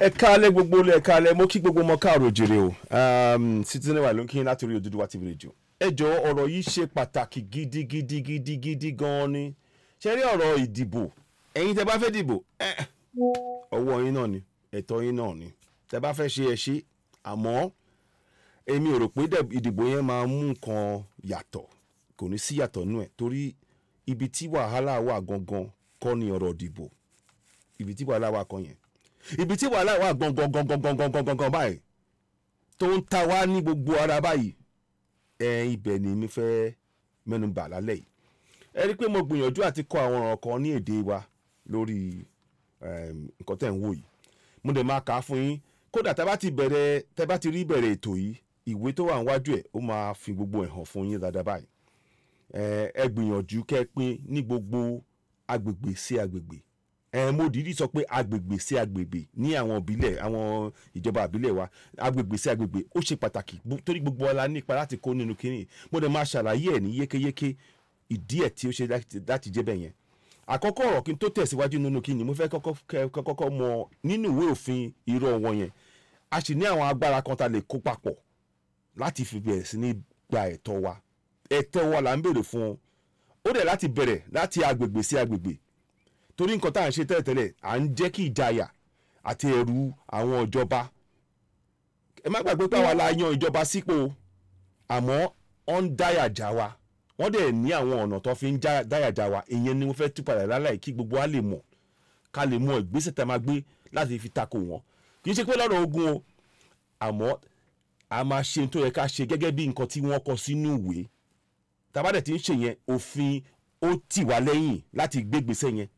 ẹ káalẹ́ gbogbo ẹ káalẹ́ mo kí gbogbo ọmọ káàrọ̀ òjèrè o um, Citizen wa ló ń kíyìn láti orí Odùduwà TV Radio ẹ jọ̀ọ́ ọ̀rọ̀ yìí ṣe pàtàkì gidigidigidi gan-an ni ṣe rí ọ̀rọ̀ ìdìbò ẹ̀yin tẹ́ bá fẹ́ dìbò eh, ọwọ́ yín náà ni ẹ̀tọ́ yín náà ni tẹ́ bá fẹ́ ṣe ẹ ṣe àmọ́ èmi ò rò pé ìdìbò yẹn máa mú nǹkan yàtọ̀ kò ní sí yàtọ̀ nù ẹ̀ torí ibi tí wàhálà wà gangan kọ́ ni ọ̀rọ̀ ìdìbò ibi tí wàhálà wà kọ́ yẹn ibi tí wàhálà wà gangan báyìí tó ń ta wá ní gbogbo ara báyìí ẹ ibẹ̀ ni mi fẹ́ mẹ́nu bà lálẹ́ yìí ẹ rí i pé mo gbìyànjú àti kọ àwọn ọ̀rọ̀ kan ní èdè wa lórí nǹkan tẹ̀ ń wò yìí mo dẹ̀ máa kà á fún yín kódà tẹ́ bá ti bẹ̀rẹ̀ tẹ́ bá ti rí bẹ̀rẹ̀ ètò yìí ìwé tó wà níwájú ẹ̀ ó máa fi gbogbo ẹ̀ hàn fún yín dáadáa báyìí ẹ gbìyànjú kẹ́ pín ní gbogbo agbègbè sí agbègbè ẹ mo dìídì sọ pé agbègbè sí agbègbè ní àwọn ìbílẹ̀ àwọn ìjọba ìbílẹ̀ wa agbègbè sí agbègbè ó ṣe pàtàkì torí gbogbo ọ̀la ní ipa láti kó nínú kínní mo dẹ̀ máa ṣàlàyé ẹ̀ ní yékéyéké ìdí ẹ̀ tí ó ṣe láti jẹ́ bẹ́ẹ̀ yẹn àkọ́kọ́ ọ̀rọ̀ kí n tó tẹ̀síwájú nínú kínní mo fẹ́ kọ́kọ́ mọ nínú ìwé òfin irọ́ wọn yẹn a sì ní àwọn agbára kan ta lè kó papọ̀ láti fi bẹ̀rẹ̀ sí ní gba ẹ̀tọ́ wa ẹ̀tọ́ wa là ń béèrè fún ó dẹ̀ láti bẹ̀rẹ̀ láti agbègbè sí agbègbè torí nǹkan tá à ń ṣe tẹ́lẹ̀tẹ́lẹ̀ à ń jẹ́ kí ìjayà àti ẹ̀rù àwọn ìjọba ẹ má gbàgbé pé àwa la yan ìjọba sípò àmọ́ ọ́ ń dáyà já wa wọ́n dẹ̀ ní àwọn ọ̀nà tó fi ń dáyà já wa ìyẹn ni mo fẹ́ tú padà lálẹ́ kí gbogbo wa lè mọ̀ ká lè mọ ìgbésẹ̀ tá a máa gbé láti fi takò wọ́n kì í ṣe pé lọ́rọ̀ ogun o àmọ́ a máa ṣe tó yẹ ká ṣe gẹ́gẹ́ bí nǹkan tí wọ́n kọ sínú ìwé tá dẹ̀ ti ń ṣe yẹn òfin ó tì wá lẹ́yìn láti gbégbèsè yẹn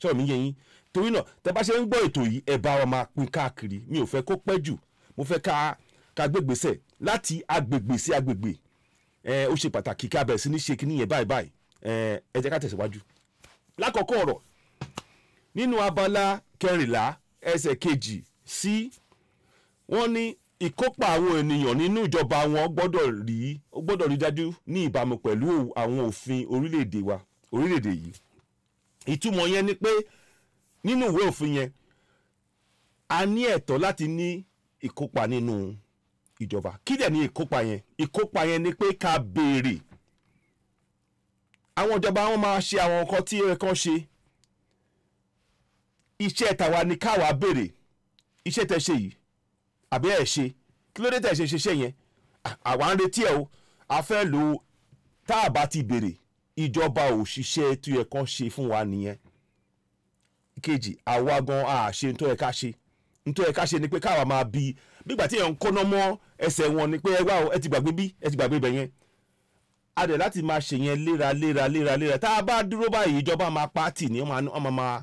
sọ̀rọ̀ mi yẹ yín torí náà tẹ bá ṣe ń gbọ́ ètò yìí ẹ bá wa máa pín káàkiri mi ò fẹ́ kó pẹ́ jù mo fẹ́ ká ká gbégbèsè láti agbègbè sí agbègbè ẹ ó ṣe pàtàkì kí a bẹ̀rẹ̀ sí ní ṣe kíní yẹn báyìí báyìí ẹ ẹ jẹ́ ká tẹ̀síwájú. lákọ̀ọ́kọ́ ọ̀rọ̀ nínú abala kẹrìnlá ẹsẹ̀ kejì sí wọ́n ní ìkópa àwọn ènìyàn nínú ìjọba wọn gbọ́dọ̀ rí gbọ́dọ̀ rí dájú ní ìbámu pẹ̀lú àwọn òfin orílẹ̀-èdè wa orílẹ̀-èdè yìí ìtumọ̀ yẹn ni pé nínú ìwé òfin yẹn a ní ẹ̀tọ́ láti ní ìkópa nínú ìjọba kí dẹ̀ ní ìkópa yẹn ìkópa yẹn ni pé ká béèrè àwọn ìjọba wọn máa ṣe àwọn nǹkan tí ẹ kàn ṣe iṣẹ́ tàwa ni káwa béèrè iṣẹ́ tẹ ṣe yìí àbí ẹ̀ ṣe kí ló dé tẹ̀ ṣe ṣiṣẹ́ yẹn àwa ń retí ẹ o a fẹ́ lo tá a bá ti béèrè ìjọba òṣìṣẹ́ tó yẹ kán ṣe fún wa nìyẹn ìkejì àwa gan a ṣe tó yẹ ká ṣe tó yẹ ká ṣe ni pé káwa máa bi bígbà tí èèyàn ń kọ́nà mọ́ ẹsẹ̀ wọn ni pé wá ẹ ti gbàgbé bí ẹ ti gbàgbé ibẹ̀ yẹn a dẹ̀ láti máa ṣe yẹn léraléra léraléra tá a bá dúró báyìí ìjọba máa pààtì ní ọmọ máa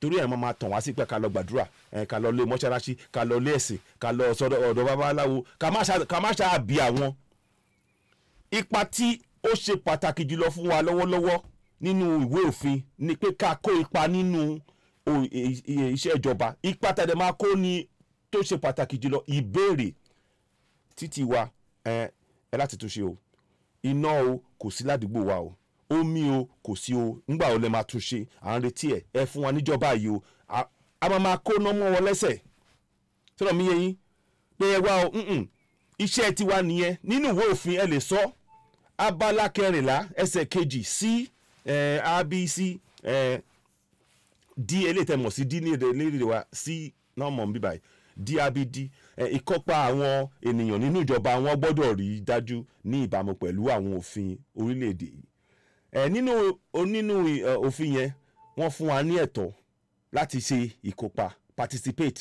torí ẹ̀ máa tàn wá sí pé ká lọ gbàdúrà ká lọ lé mọ́ṣáláṣí ká lọ lé ẹ̀sìn ká lọ sọ́dọ̀ ọ̀dọ̀ ó ṣe pàtàkì jùlọ fún wa lọ́wọ́lọ́wọ́ nínú ìwé òfin ni pé ká kó ipa nínú iṣẹ́ ìjọba ipa tàdé máa kó ni tó ṣe pàtàkì jùlọ ìbéèrè títí wa ẹ ẹ láti túnṣe o iná o kò sí ládùúgbò wa o omi o kò sí o ńgbà o lè máa túnṣe à ń retí ẹ ẹ fún wa níjọba yìí o a máa máa kó nọ́mọ́ wọn lẹ́sẹ̀ sọ̀rọ̀ mi yẹ yín pé ẹ wá o iṣẹ́ tiwa nìyẹn nínú ìwé òfin ẹ lè sọ abala kẹrìnlá ẹsẹ̀ kejì sí abc d eléyìí tẹ́ mọ̀ sí d ní èdè lédè wa sí náà mọ̀ n bíbáyìí dabd ìkópa àwọn ènìyàn nínú ìjọba wọn gbọ́dọ̀ rí dájú ní ìbámu pẹ̀lú àwọn òfin orílẹ̀-èdè yìí nínú onínú òfin yẹn wọ́n fún wa ní ẹ̀tọ́ láti ṣe ìkópa participate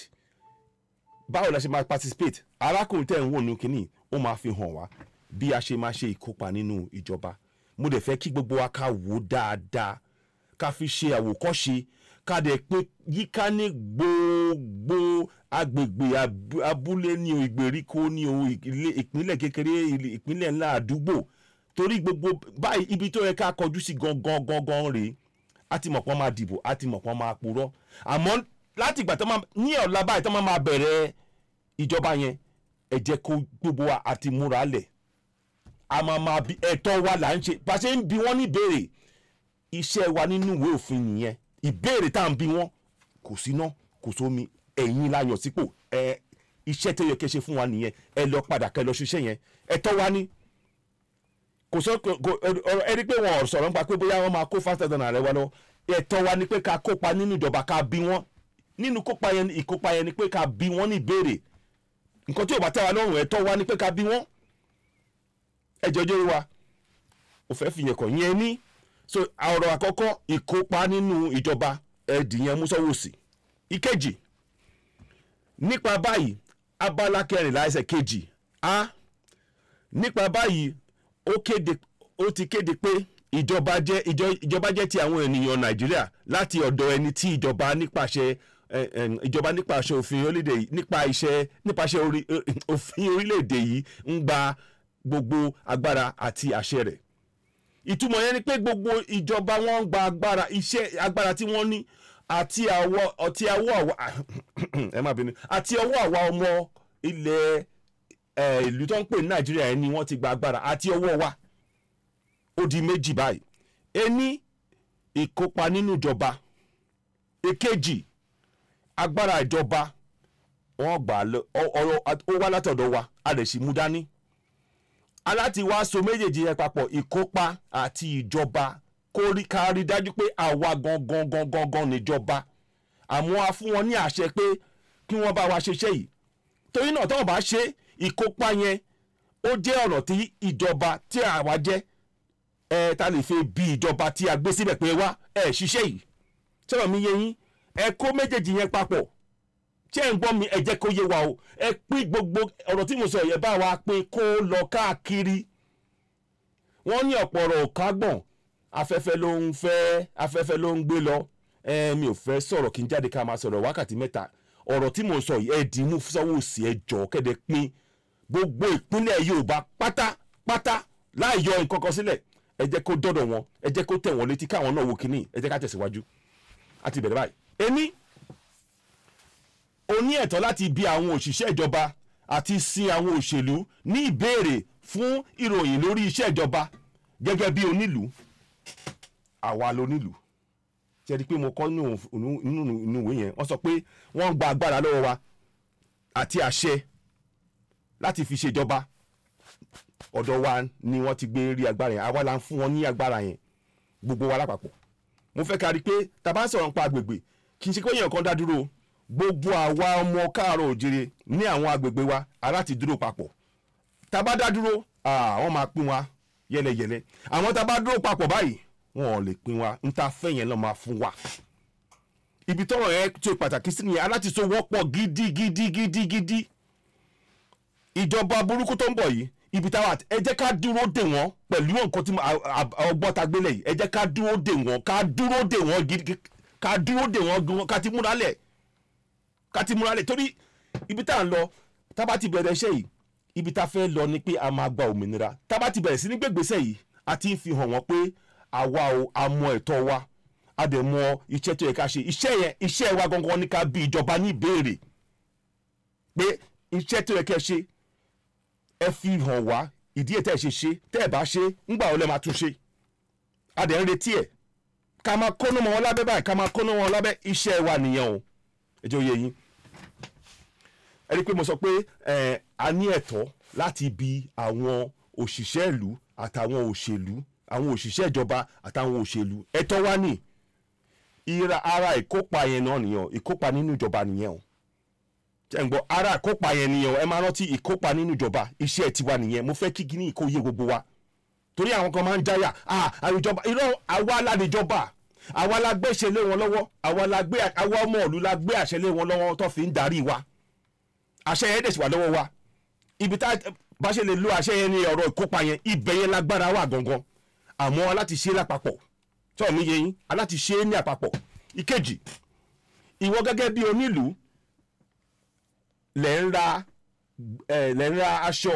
báwo la ṣe máa participate arákùnrin tẹ̀ ń wò nù kínní ó máa fi hàn wá bí a ṣe máa ṣe ìkópa nínú ìjọba mo dẹ̀ fẹ́ kí gbogbo wa ká wò ó dáadáa ká fi ṣe àwòkọ́ṣe ká dẹ̀ pé yíká ní gbogbo agbègbè abúlé ní o ìgbèríko ní o ìpínlẹ̀ kékeré ìpínlẹ̀ ńlá àdúgbò torí gbogbo báyìí ibi tó yẹ ká kọjú sí gangan gangan rèé a ti mọ̀ pọ́n máa dìbò a ti mọ̀ pọ́n máa purọ́ àmọ́ láti ìgbà tó máa ní ọ̀la báyìí tó máa bẹ̀rẹ̀ ìjọba yẹn ẹ kó gbogbo wa àti múra lẹ̀ àmọ́ àmọ́ ẹ̀tọ́ wa là ń ṣe bá a ṣe ń bi wọ́n ní ìbéèrè iṣẹ́ wa nínú ìwé òfin nìyẹn ìbéèrè tá à ń bi wọ́n kò síná kò sómi ẹ̀yin la yàn sípò ẹ iṣẹ́ tó yẹ kẹ́ ṣe fún wa nìyẹn ẹ lọ padà kẹ́ lọ ṣiṣẹ́ yẹn ẹ̀tọ́ wa ni kò sọ ọ̀rọ̀ ẹni pé wọn sọ̀rọ̀ nípa pé bóyá wọ́n máa kó five thousand naira wa lọ ẹ̀tọ́ wa ni pé ká kópa nínú ìjọba ká bi wọ́n nínú kópa yẹn ìkópa yẹn ni pé ká bi wọ́n ní nǹkan tí ò bá tẹ́ wa lọ́rùn ẹ̀tọ́ wa ni pé ká bi wọ́n ẹjọ́ jẹ́ wa ò fẹ́ fi yẹn kọ̀ yẹn ní so ọ̀rọ̀ àkọ́kọ́ ìkópa nínú ìjọba ẹ̀dìyàn Musawusi ìkejì nípa báyìí abala kẹrìnlá ẹsẹ̀ kejì a nípa báyìí ó kéde ó ti kéde pé ìjọba jẹ́ ìjọba jẹ́ ti àwọn ènìyàn Nàìjíríà láti ọ̀dọ̀ ẹni tí ìjọba nípasẹ̀ ìjọba nípasẹ̀ òfin orílẹ̀ nípa iṣẹ́ nípasẹ̀ eh, òfin orílẹ̀-èdè yìí ń gba gbogbo agbára àti àṣẹ rẹ̀ ìtumọ̀ yẹn ni pé gbogbo ìjọba wọn ń gba agbára iṣẹ́ agbára tí wọ́n ní àti àwọ àti àwọ àwa ẹ má bínú àti ọwọ́ àwa ọmọ ilẹ̀ ìlú tó ń pè ní nàìjíríà yẹn ni wọ́n ti gba agbára àti ọwọ́ wa ó di méjì báyìí ení ìkópa nínú ìjọba èkejì agbára ìjọba wọ́n gbà ó wá látọ̀dọ̀ wa a lè sì mú dání aláti wá so méjèèjì yẹn papọ̀ ìkópa àti ìjọba kó rí ká rí dájú pé àwa gangan gangan gan níjọba àmọ́ a fún wọn ní àṣẹ pé kí wọ́n bá wa ṣiṣẹ́ yìí torí náà táwọn bá ṣe ìkópa yẹn ó jẹ́ ọ̀nà tí ìjọba tí àwa jẹ́ ẹ ta lè fi bí ìjọba tí a gbé síbẹ̀ pé wá ẹ ṣiṣẹ́ yìí sọ̀rọ̀ mi yẹ yín ẹ kó méjèèjì yẹn papọ̀ ṣé ń gbọ́ mi ẹ jẹ́ kó yé wa o ẹ pín gbogbo ọ̀rọ̀ tí mo sọ yẹn bá wa pín kó lọ káàkiri wọ́n ní ọ̀pọ̀ ọ̀rọ̀ òkágbọ̀n afẹ́fẹ́ ló ń fẹ́ afẹ́fẹ́ ló ń gbé lọ ẹ mi ò fẹ́ sọ̀rọ̀ kí n jáde ká máa sọ̀rọ̀ wákàtí mẹ́ta ọ̀rọ̀ tí mo sọ yìí ẹ dì í mú Sanwó-Olú ẹ jọ̀ọ́ kẹ́dẹ̀ pín gbogbo ìpínlẹ̀ Yorùbá pátápátá láì yọ nǹkan kan sílẹ̀ ẹ jẹ́ kó dọ́dọ̀ wọn ẹ jẹ́ kó tẹ̀ wọ́n létí káwọn náà wo kínní ẹ jẹ́ ká tẹ̀síwájú àti ìbẹ̀rẹ̀ báyìí o ní ẹ̀tọ́ láti bi àwọn òṣìṣẹ́ ìjọba àti sin àwọn òṣèlú ní ìbéèrè fún ìròyìn lórí iṣẹ́ ìjọba gẹ́gẹ́ bí onílùú àwa lonílùú ṣe rí pé mo kọ́ nínú ìwé yẹn wọ́n sọ pé wọ́n gba agbára lọ́wọ́ wa àti àṣẹ láti fi ṣèjọba ọ̀dọ̀ wa ni wọ́n ti gbé rí agbára yẹn àwa la ń fún wọn ní agbára yẹn gbogbo wa lápapọ̀ mo fẹ́ kárí pé tá bá sọ̀rọ̀ nípa agbègbè kì í ṣe pé èèyàn kan dá dúró o gbogbo àwa ọmọ káàárọ̀ òjire ní àwọn agbègbè wa ara dúró papọ̀ tá a bá dá dúró àwọn máa pín wa yẹlẹyẹlẹ àwọn tá a bá dúró papọ̀ báyìí wọn ò lè pín wa ń ta fẹ́ yẹn lọ́ máa fún wa ibi tọrọ yẹn ṣe pàtàkì sí nìyẹn aláti so wọ́pọ̀ gidigidigidigidi ìjọba burúkú tó ń bọ̀ yìí ibi táwa ẹ jẹ́ ká dúró dè wọ́n pẹ̀lú nǹkan tí ọgbọ́n ta gbélé yìí ẹ jẹ́ ká dúró dè wọ́n ká dúró dè wọ́n gidi ká dúró dè wọ́n ká ti múra lẹ̀ kati ti múra lẹ̀ torí ibi tá à ń lọ tá bá ti bẹ̀rẹ̀ iṣẹ́ yìí ibi tá fẹ́ lọ ni pé a máa gba òmìnira tá bá ti bẹ̀rẹ̀ sí ní gbègbèsẹ̀ yìí a ti ń fi hàn wọ́n pé àwa o a mọ ẹ̀tọ́ wa a dẹ̀ mọ iṣẹ́ tó yẹ ká ṣe iṣẹ́ yẹn iṣẹ́ wa gangan ni ká bi ìjọba ní ìbéèrè pé iṣẹ́ tó yẹ kẹ́ ṣe ẹ fi hàn wá ìdí ètò ẹ̀ ṣe ṣe tẹ́ ẹ bá ṣe ńgbà ó lẹ́ máa tún ṣe a dẹ̀ ń retí ẹ̀ ká máa kónú wọn lábẹ́ báyìí ká máa kónú wọn lábẹ́ iṣẹ́ wa nìyẹn o ẹ jẹ́ yín ẹ rí i pé mo sọ pé a ní ẹ̀tọ́ láti bi àwọn òṣìṣẹ́ ìlú àtàwọn òṣèlú àwọn òṣìṣẹ́ ìjọba àtàwọn òṣèlú ẹ̀tọ́ wa ní ìra ara ìkópa yẹn náà nìyẹn ìkópa nínú ìjọba nìyẹn o tẹ́ ara ìkópa yẹn nìyẹn o ẹ máa rántí ìkópa nínú ìjọba iṣẹ́ tiwa nìyẹn mo fẹ́ kí gíní ìkóyè gbogbo wa torí àwọn kan máa ń jáyà àwùjọba irọ́ àwa ládìjọba àwa la gbé ìṣẹ̀lẹ̀ wọn lọ́wọ́ àwa ọmọ ìlú la gbé àṣẹlẹ̀ wọn lọ́wọ́ tó fi ń darí wa àṣẹ yẹn dẹ̀ sì wà lọ́wọ́ wa ibi tá bá ṣe lè lo àṣẹ yẹn ní ọ̀rọ̀ ìkópa yẹn ibẹ̀ yẹn lágbára wà gangan àmọ́ aláti ṣe é lápapọ̀ tọ́ mi yẹ yín aláti ṣe é ní àpapọ̀ ìkejì ìwọ gẹ́gẹ́ bí onílù lẹ́ ń ra lẹ́ ń ra aṣọ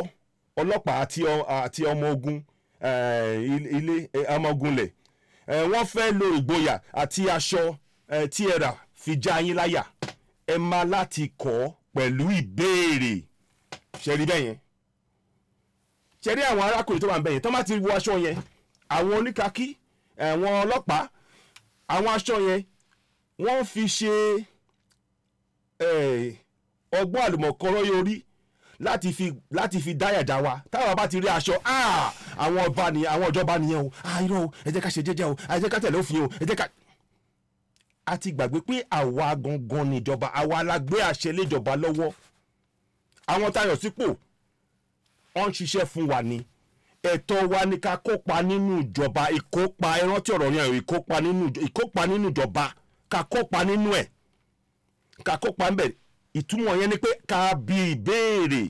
ọlọ́pàá àti ọmọ ogun ilé ọmọ ogun lẹ̀ wọ́n fẹ́ lo ìgboyà àti aṣọ tí ẹ rà fi já yín láyà ẹ máa láti kọ́ pẹ̀lú ìbéèrè ṣe rí bẹ́ẹ̀ yẹn ṣe rí àwọn arákùnrin tó wà ń bẹ̀ yẹn tó má ti wọ aṣọ yẹn àwọn oníkakí àwọn ọlọ́pàá àwọn aṣọ yẹn wọ́n fi ṣe ọgbọ́n àlùmọ̀kọ́rọ́ yorí láti fi láti fi dá ẹ̀dá wa táwa bá ti rí aṣọ àwọn ọba nìyẹn àwọn ìjọba nìyẹn o àìrọ o ẹ jẹ́ ká ṣe jẹ́jẹ́ o ẹ jẹ́ ká tẹ̀lé òfin o ẹ jẹ́ ká a ti gbàgbé pé àwa gangan níjọba àwa la gbé àṣẹ léjọba lọ́wọ́ àwọn tayọ̀ sípò wọ́n ń ṣiṣẹ́ fún wa ni ẹ̀tọ́ wa ni ká kópa nínú ìjọba ìkópa ẹrántí ọ̀rọ̀ yẹn ìkópa nínú ìkópa nínú ìjọba ká kópa nínú ẹ̀ ká kópa ńbẹ̀ ìtumọ̀ yẹn ni pé ká bi ìbéèrè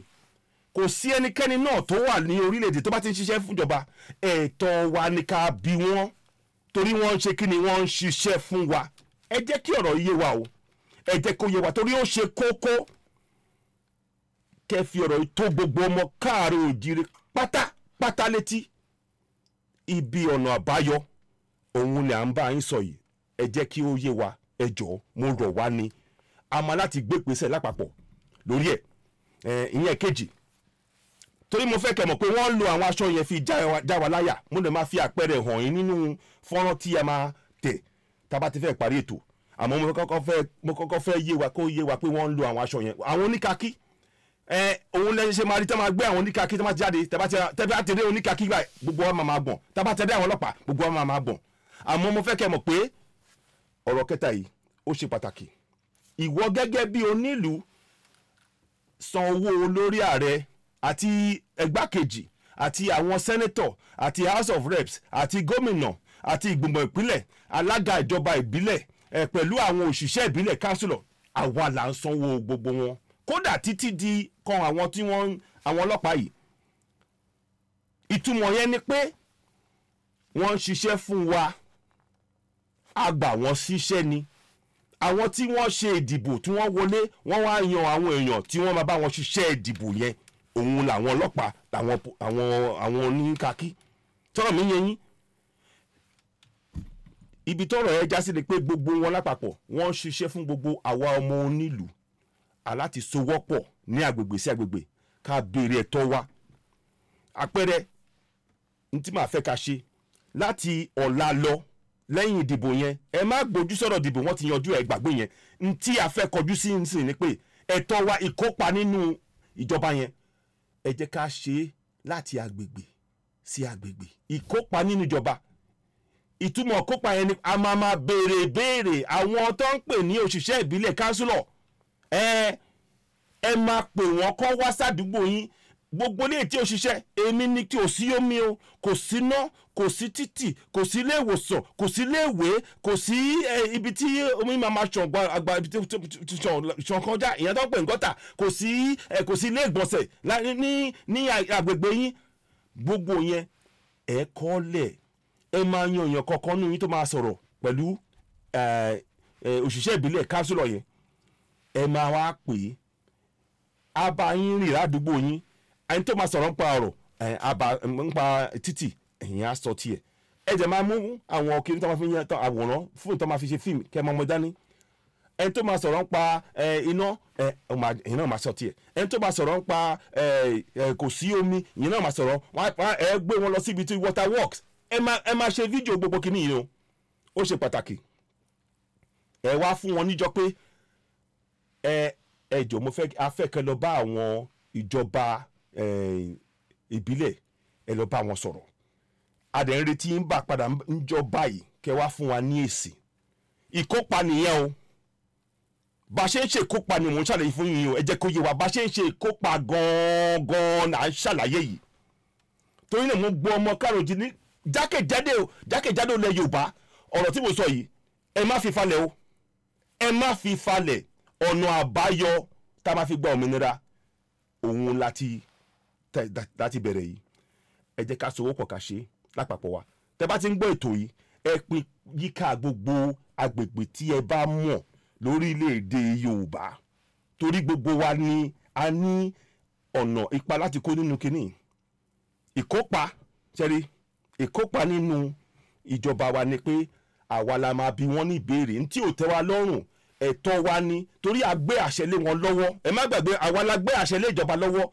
kò sí ẹnikẹ́ni náà tó wà ní orílẹ̀-èdè tó bá ti ń ṣiṣẹ́ fún ìjọba ẹ̀tọ́ wa ni ká bi wọ́n torí wọ́n ń ṣe kí ni wọ́n ń ṣiṣẹ́ fún wa ẹ jẹ́ kí ọ̀rọ̀ yé wa o ẹ jẹ́ kó yé wa torí ó ṣe kókó kẹ́ fi ọ̀rọ̀ tó gbogbo ọmọ káàárọ̀ òjìrì pátápátá létí ibi ọ̀nà àbáyọ òun ni à ń bá yín sọ yìí ẹ jẹ́ kí ó yé wa ẹ jọ̀ọ́ mo rọ̀ wá ni a máa láti gbé ìgbésẹ̀ lápapọ̀ lórí ẹ̀ ìyẹn kejì torí mo fẹ́ kẹ́ mọ̀ pé wọ́n lo àwọn aṣọ yẹn fi já wa láyà mo lè máa fi àpẹẹrẹ hàn yín nínú fọ́nrán tí a máa tábà ti fẹ́ parí ètò àmọ́ mo kọ́kọ́ fẹ́ mo kọ́kọ́ fẹ́ yé wa kó yé wa pé wọ́n ń lo àwọn aṣọ yẹn àwọn oníkakí ẹ òun lẹ́yìn ṣe máa rí tẹ́ máa gbé àwọn oníkakí tẹ́ máa jáde tẹ́bá ti rí oníkakí gbogbo wa máa gbọ̀n tẹ́bá ti rí àwọn ọlọ́pàá gbogbo wa máa gbọ̀n àmọ́ mo fẹ́ kẹ́ mọ̀ pé ọ̀rọ̀ kẹta yìí ó ṣe pàtàkì ìwọ gẹ́gẹ́ bí onílù san owó olórí ààrẹ àti ẹgbákejì àti àwọn sẹ́nẹ́tọ̀ àti house of reps àti gómìnà àti ìgbìmọ̀ ìpínlẹ̀ alága ìjọba ìbílẹ̀ ẹ̀ pẹ̀lú àwọn òṣìṣẹ́ ìbílẹ̀ kánsílọ̀ àwa là ń sanwó gbogbo wọn kódà títí di kan àwọn tí wọ́n àwọn ọlọ́pàá yìí ìtumọ̀ yẹn ni pé wọ́n ń ṣiṣẹ́ fún wa a gbà wọ́n ṣiṣẹ́ ni àwọn tí wọ́n ṣe ìdìbò tí wọ́n wọlé wọ́n wá yan àwọn èèyàn tí wọ́n máa bá wọn ṣiṣẹ́ ìdìbò yẹn òun làwọn ọlọ́pàá àwọn oníkàkí tọ́rọ̀ mi yẹn yín ibi tọ́rọ̀ ẹ já sí ni pé gbogbo wọn lápapọ̀ wọ́n ń ṣiṣẹ́ fún gbogbo àwa ọmọ onílù aláti sowọ́pọ̀ ní agbègbè sí agbègbè ká béèrè ẹ̀tọ́ wa àpẹẹrẹ n tí màá fẹ́ ká ṣe láti ọ̀la lọ lẹ́yìn ìdìbò yẹn ẹ má gbójú sọ̀rọ̀ ìdìbò wọ́n ti yanjú ẹ̀ gbàgbé yẹn n tí a fẹ́ kọjú sí nsìn ni pé ẹ̀tọ́ wa ìkópa nínú ìjọba yẹn ẹ jẹ́ ká ṣe láti agbègbè sí agbègbè ìkópa nínú ìjọba ìtumọ̀ kópa yẹn ni a máa máa béèrè béèrè àwọn tó ń pè ní òṣìṣẹ́ ìbílẹ̀ kánsúlọ̀ ẹ ẹ máa pè wọ́n kọ́ wá sádùúgbò yín gbogbo ilé tí òṣìṣẹ́ èmi ni tí ò sí omi o kò sí iná kò sí títì kò sí ilé ìwòsàn kò sí ilé ìwé kò sí ibi tí omi máa máa ṣàn gba ibi tí ṣàn kọjá ìyẹn tó ń pè ní gọ́tà kò sí kò sí ilé ìgbọ̀nsẹ̀ ní agbègbè yín gbogbo yẹn ẹ kọ́ lẹ̀ ẹ máa yan èèyàn kankan nínú yín tó máa sọ̀rọ̀ pẹ̀lú òṣìṣẹ́ ìbílẹ̀ kánsílọ̀ yẹn ẹ máa wá pè é àbá yín rìn ládùúgbò yín ẹni tó máa sọ̀rọ̀ nípa ọ̀rọ̀ àbá nípa títì ẹ̀yìn á sọ tiẹ̀ ẹ jẹ́ máa mú àwọn kiri tó máa fi yan àwòrán fóònù tó máa fi ṣe fíìmù kẹ́ ẹ máa mọ dání ẹni tó máa sọ̀rọ̀ nípa iná ìyẹn náà máa sọ tiẹ̀ ẹni tó máa sọ̀rọ̀ nípa kò sí omi ìyẹn náà máa sọ̀rọ̀ ẹ gbé wọn lọ síbi tí water works ẹ máa ṣe fídíò gbogbo kìíní yìí o ó ṣe pàtàkì ẹ wá wọn níjọ pé ẹ ẹ jọ mo fẹ́ afẹ́kẹ́ lọ bá àwọn lọ bá wọn sọ̀rọ̀ adẹ̀rẹ̀tì ń bà padà ń jọ báyìí wá fún wa ní èsì ìkópa nìyẹn o bá a ṣe ń ṣe ni mò ń ṣàlàyé fún yín o ẹ wa bá a ṣe ń ṣe ìkópa gan-an gan-an là ń ṣàlàyé yìí torí jákèjádé o jákèjádé o lẹ yorùbá ọ̀rọ̀ tí mo sọ yìí ẹ má fi falẹ̀ o ẹ má fi falẹ̀ ọ̀nà àbáyọ tá a máa fi gba òmìnira òun láti láti bẹ̀rẹ̀ yìí ẹ jẹ́ ká sowọ́pọ̀ ká ṣe lápapọ̀ wa tẹ́ bá ti ń gbọ́ ètò yìí ẹ pín yíká gbogbo agbègbè tí ẹ bá mọ̀ lórílẹ̀‐èdè yorùbá torí gbogbo wa ni a ní ọ̀nà ipa láti kó nínú kínní ìkópa ṣẹ́rí ìkópa nínú ìjọba wa ni pé àwa la máa bi wọ́n ní ìbéèrè ntí ò tẹ́ wa lọ́rùn ẹ̀tọ́ wa ni torí a gbé àṣẹ lé wọn lọ́wọ́ ẹ má gbàgbé àwa la gbé àṣẹ lé ìjọba lọ́wọ́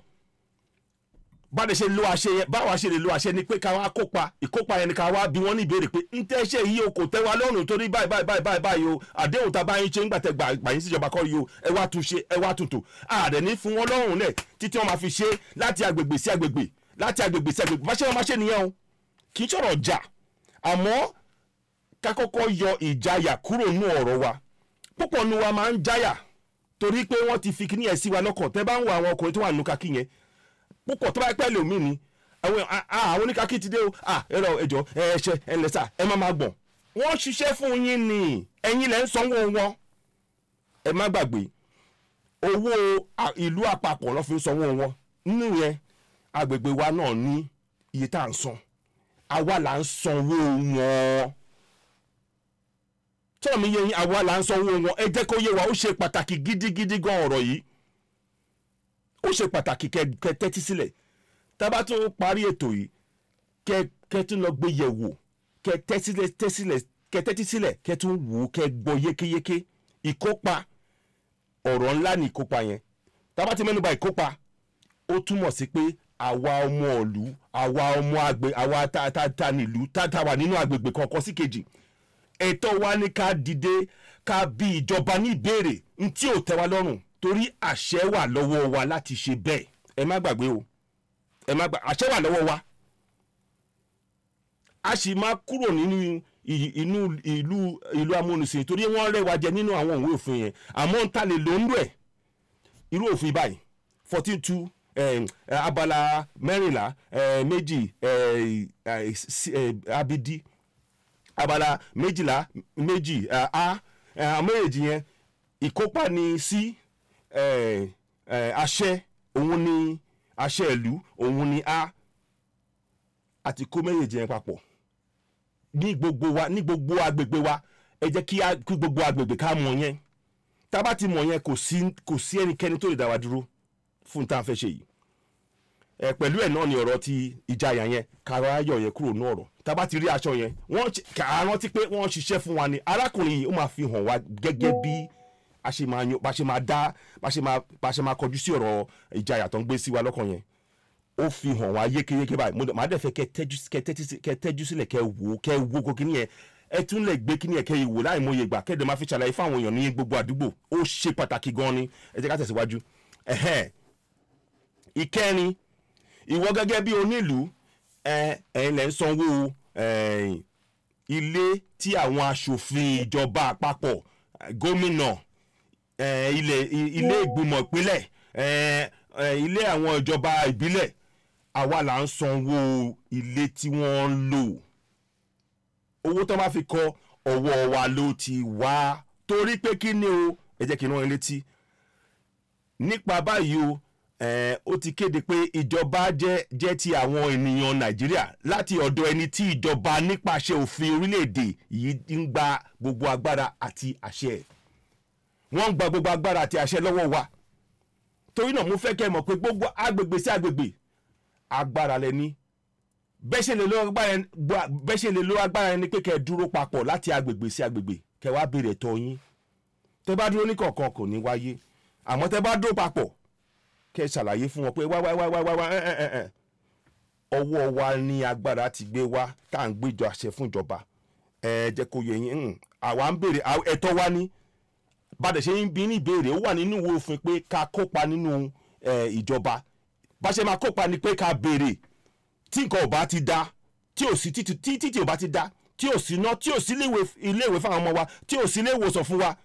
bá ṣe lo àṣẹ yẹn báwa ṣe lè lo àṣẹ ni pé ká wá kópa ìkópa yẹn ni ká wá bi wọ́n ní ìbéèrè pé ntẹ́ ṣe yìí o kò tẹ́ wa lọ́rùn torí báyìí báyìí báyìí báyìí báyìí o àdéhùn tá a bá yín ṣe ń gbàtẹ́ gbà yín síjọba kọ́ yìí o ẹ wá tún ṣe ẹ wá tún tò ààrẹ ní fún wọn lọ́rùn náà títí wọn máa fi ṣe láti agbègbè sí agbègbè láti agbègbè sí agbègbè bá ṣe wọn máa ṣe nìyẹn o kì í sọ̀rọ̀ jà àmọ́ ká kọ́kọ́ yọ ìjayà kúrò nínú ọ̀rọ̀ wa púpọ̀ nu wa máa ń jáyà torí pé wọ́n ti fi kíní ẹ̀ sí wa lọ́kàn tẹ́ bá ń wo àwọn ọkùnrin tó wà nù kakí yẹn púpọ̀ tó bá pẹ́ lòmíì ni àwọn ah, ah, oníkakí ti dé o ah, ẹ̀rọ ẹ̀jọ̀ ẹ̀ṣẹ̀ ẹ̀lẹ́sà ẹ̀ má máa gbọ̀n wọ́n ṣiṣẹ́ fún yín ni ẹ̀yin lẹ́ ń sanwó wọn ẹ má gbàgbé owó ìlú àpapọ̀ ló fi ń sanwó wọn nínú yẹn agbègbè wa náà ní iye tá à ń san àwa là ń sanwó wọn tọ́ọ̀ mi yẹ yín àwa là ń sanwó wọn ẹ jẹ́ kó yé wa ó ṣe pàtàkì gidigidi gan ọ̀rọ̀ yìí ó ṣe pàtàkì kẹ tẹ́tí sílẹ̀ tábà tó parí ètò yìí kẹ kẹ tún lọ gbé yẹ̀ wò kẹ tẹ́tí sílẹ̀ kẹ tún wò ó kẹ gbọ́ yékéyéké ìkópa ọ̀rọ̀ ńlá ni ìkópa yẹn tábà ti mẹ́nuba ìkópa ó túmọ̀ sí pé àwa ọmọ ìlú àwa ọmọ àgbẹ̀ àwa tata nílùú tata wà nínú àgbègbè kọ̀ọ̀kan sí kejì ẹ̀tọ́ wa ni ká dìde ká bi ìjọba ní ìbéèrè n tí ò tẹ́ wa lọ́rùn torí àṣẹ wà lọ́wọ́ wa láti ṣe bẹ́ẹ̀ ẹ má gbàgbé o ẹ má gbà àṣẹ wà lọ́wọ́ wa a sì máa kúrò nínú inú ìlú ìlú amúnisìn torí wọ́n rẹwà jẹ nínú àwọn òwe òfin yẹn àmọ́ ń ta lè lóńdó ẹ̀ irú òfin báyìí fourteen two Um, abala mẹ́rìnlá um, méjì um, abidi abala méjìlá méjì uh, a uh, méjèèjì yẹn ìkópa ni sí àṣẹ òun ni àṣẹ ìlú òun ni a àti kó méjèèjì yẹn papọ̀ ní gbogbo wa ní gbogbo agbègbè wa ẹ jẹ́ kí gbogbo agbègbè ká mọ̀ yẹn tá a bá ti mọ̀ yẹn kò sí ẹnikẹ́ni tó lè dá wa dúró fún tá a fẹ́ ṣe yìí ẹ pẹ̀lú ẹ̀ náà ni ọ̀rọ̀ ti ìjayà yẹn kára yọ yẹn kúrò ní ọ̀rọ̀ tá a bá ti rí aṣọ yẹn wọ́n kà á pé wọ́n ṣiṣẹ́ fún wa ni arákùnrin yìí ó máa fi hàn wá gẹ́gẹ́ bí a ṣe máa yan bá ṣe máa dá bá ṣe máa bá ṣe máa kọjú sí ọ̀rọ̀ ìjayà tó ń gbé sí wa lọ́kàn yẹn ó fi hàn wá yékéyéké báyìí màá dẹ̀ fẹ́ kẹ́ tẹ́jú sílẹ̀ kẹ́ wo kẹ́ wo kókíní yẹn ẹ tún lè gbé kíní ẹ̀kẹ́ ìwò láì mọye ìgbà kẹ́ẹ̀dẹ̀ máa fi ṣàlàyé fáwọn èèyàn ní gbogbo àdúgbò ó ṣe pàtàkì gan ni ẹ jẹ́ ká tẹ̀síwájú ẹ̀hẹ́n ìkẹrin ìwọ gẹ́gẹ́ bí onílùú ẹ̀yin lẹ́ ń sanwó ilé tí àwọn aṣòfin ìjọba àpapọ̀ gómìnà ilé ìgbìmọ̀ ìpínlẹ̀ ilé àwọn ìjọba ìbílẹ̀ àwa là ń sanwó ilé tí wọ́n ń lò owó tó bá fi kọ ọwọ́ wa ló ti wá torí pé kí ni o ẹ jẹ́ kí n rán ẹ létí nípa báyìí o Eh, ó ti kéde pé ìjọba jẹ́ jẹ́ ti àwọn ènìyàn nàìjíríà láti ọ̀dọ̀ ẹni tí ìjọba nípasẹ̀ òfin orílẹ̀-èdè yìí ń gba gbogbo agbára àti àṣẹ ẹ̀ wọ́n ń gba gbogbo agbára àti àṣẹ lọ́wọ́ wa torí náà mo fẹ́ kẹ́ mọ̀ pé gbogbo agbègbè sí agbègbè agbára lẹ ní bẹ́ẹ̀ ṣe lè lo agbára ẹni pé kẹ́ ẹ dúró papọ̀ láti agbègbè sí agbègbè kẹ́ wá béèrè ẹ̀tọ́ yín tẹ́ bá dúró ní kọ̀ọ̀kan kò ní wáyé àmọ́ tẹ́ bá dúró papọ̀ kẹ́ ẹ ṣàlàyé fún wọn pé wá wá wá wá wá wá ọwọ́ wa ni agbára ti gbé wá tá à ń gbéjọ àṣẹ fún ìjọba ẹ jẹ́ kó yẹ yín hmm, àwa ń béèrè ẹ̀tọ́ wa ni bàdẹ ṣe ń bi ní ìbéèrè ó wà nínú ìwé òfin pé ká kópa nínú ìjọba bá ṣe máa kópa ni pé ká béèrè tí nǹkan ò bá ti da tí ò sí títí títí ò bá ti da tí ò sí iná tí ò sí iléèwé fáwọn ọmọ wa tí ò sí ilé ìwòsàn fún wa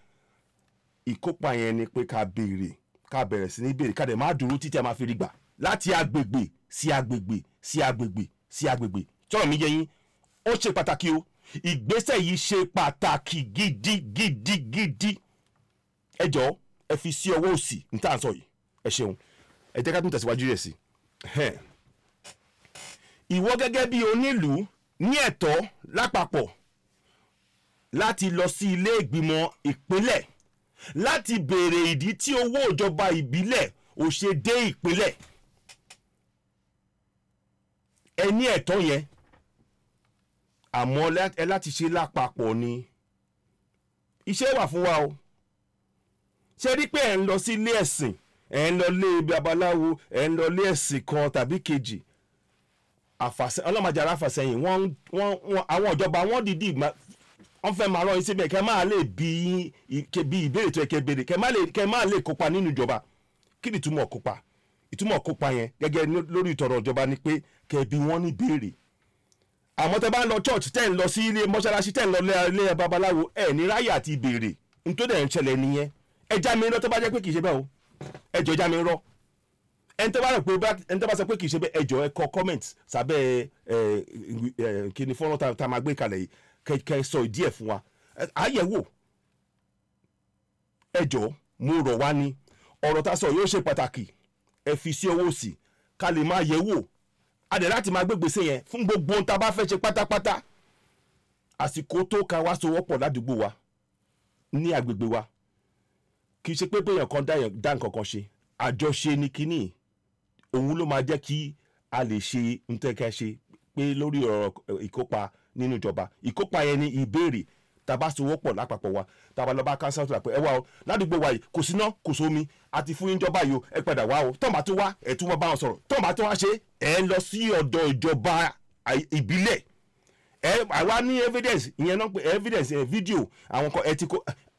ìkópa yẹn ni pé ká béèrè ká bẹ̀rẹ̀ sí ní béèrè ká dẹ̀ má dúró títí a máa fi rí gbà láti agbègbè sí agbègbè sí agbègbè sí agbègbè tọ́rọ̀ mi yẹ yín ó ṣe pàtàkì o ìgbésẹ̀ yìí ṣe pàtàkì gidi ẹ jọ̀ọ́ ẹ fi sí ọwọ́ òsì ní tá à ń sọ yìí ẹ ṣeun ẹ jẹ́ ká tún tẹ̀síwájú rẹ̀ sí i ìwọ gẹ́gẹ́ bí onílùú ní ẹ̀tọ́ lápapọ̀ láti lọ sí ilé ìgbìmọ̀ ìpínlẹ̀ láti béèrè ìdí tí owó ìjọba ìbílẹ̀ ò ṣe dé ìpínlẹ̀ ẹ ní ẹ̀tọ́ yẹn àmọ́ ẹ láti ṣe lápapọ̀ ni iṣẹ́ wà fún wa o ṣe rí pé ẹ̀ ń lọ sí ilé ẹ̀sìn ẹ̀ ń lọ lé babaláwo ẹ̀ ń lọ lé ẹ̀sìn kan tàbí kejì ọlọ́mọdé aláfàsẹ́yìn àwọn ìjọba wọn dìídì wọ́n fẹ́ máa rán yín síbẹ̀ kẹ́ máa lè bí bí ìbéèrè tó yẹ kẹ́ béèrè kẹ́ máa lè kẹ́ máa lè kópa nínú ìjọba kí ni ìtumọ̀ kópa ìtumọ̀ kópa yẹn gẹ́gẹ́ lórí ìtọ̀rọ̀ ìjọba ni pé kẹ́ bí wọ́n ní béèrè àmọ́ tẹ́ bá ń lọ church tẹ́ ń lọ sí ilé mọ́ṣáláṣí tẹ́ ń lọ ilé babaláwo ẹ̀ ní ráyè àti ìbéèrè n tó dẹ̀ ń ṣẹlẹ̀ nìyẹn ẹ já mi rọ tó bá jẹ́ pé kì í ṣe bẹ́ẹ̀ o ẹ jọ tó bá sọ pé kì í ṣe bẹ́ẹ̀ ẹ jọ ẹ kọ comment sábẹ́ ẹ kí ni fọ́nrán tá a máa gbé kalẹ̀ yìí kẹ sọ ìdí wa àyẹ̀wò ẹ jọ̀ọ́ mo rọ̀ wá ni ọrọ tá sọ yóò ṣe pàtàkì ẹ fi sí owó sí ká lè máa wò láti máa yẹn fún gbogbo ohun tá a bá fẹ́ ṣe pátápátá ka wá ládùúgbò wa ní agbègbè wa kì í ṣe pé péyàn kan dá nǹkan kan ṣe àjọṣe ni kínní òun ló máa jẹ́ kí a lè ṣe ntẹ́kẹ́ ṣe pé lórí nínú ìjọba ìkópa yẹn ni ìbéèrè tàbá sowó pọ̀ lápapọ̀ wa tàbá lọ́ba kánsátù àpẹ ẹ wá o ládùúgbò wa yìí kò síná kò sómi àti fún ìjọba yìí o ẹ padà wá o tọ́ọ̀mà tó wá ẹ̀ tún wọ́n bá wọn sọ̀rọ̀ tọ́ọ̀mà tó wá ṣe ẹ̀ lọ sí ọ̀dọ̀ ìjọba ìbílẹ̀ ẹ̀ àwa ní evidence ìyẹn náà pé evidence ẹ̀ fídíò àwọn kan ẹ̀ ti kó